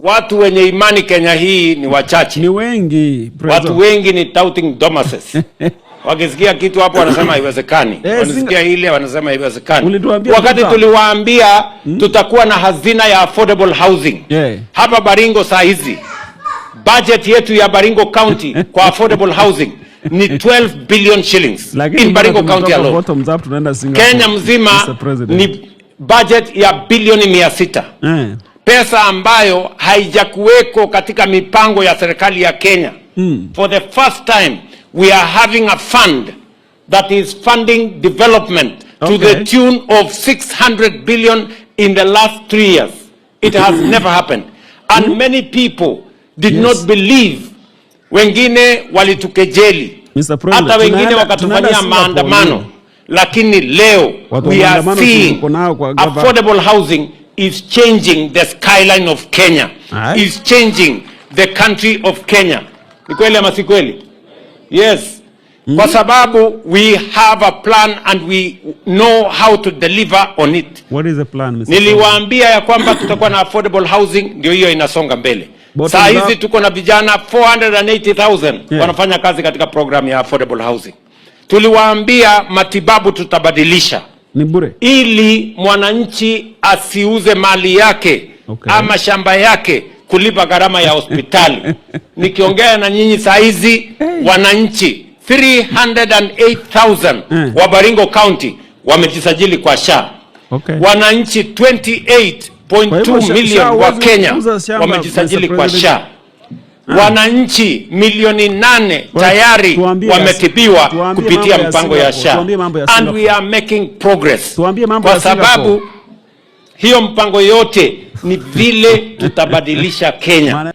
Watu wenye imani Kenya hii ni wachache. Ni wengi. Watu wengi ni touting domases Wakisikia kitu hapo wanasema haiwezekani. Eh, Wanasikia ile wanasema haiwezekani. Wakati tuliwaambia hmm? tutakuwa na hazina ya affordable housing. Yeah. Hapa Baringo saa hizi budget yetu ya Baringo County kwa affordable housing ni 12 billion shillings in Baringo County alone. Kenya mzima ni budget ya bilioni mia sita. Yeah pesa ambayo haijakuweko katika mipango ya serikali ya Kenya. Mm. For the first time we are having a fund that is funding development okay, to the tune of 600 billion in the last three years. It has never happened. And hmm? many people did yes, not believe. Wengine walitukejeli hata wengine wakatufanyia maandamano, lakini leo we are seeing affordable housing is changing the skyline of Kenya Aye. is changing the country of Kenya. Ni kweli ama si kweli? Yes. Mm -hmm. Kwa mm-hmm. sababu we have a plan and we know how to deliver on it. What is the plan, Mr. Niliwaambia ya kwamba tutakuwa na affordable housing, ndio hiyo inasonga mbele. Saa hizi tuko na vijana 480,000 wanafanya kazi katika program ya affordable housing. Tuliwaambia matibabu tutabadilisha ni bure, ili mwananchi asiuze mali yake okay, ama shamba yake kulipa gharama ya hospitali. Nikiongea na nyinyi saa hizi wananchi 308,000 wa Baringo County wamejisajili kwa SHA. Okay. Wananchi 28.2 million wa Kenya wamejisajili kwa SHA. Ah. wananchi milioni nane tayari wametibiwa kupitia mpango ya SHA and we are making progress, kwa sababu hiyo mpango yote ni vile tutabadilisha Kenya.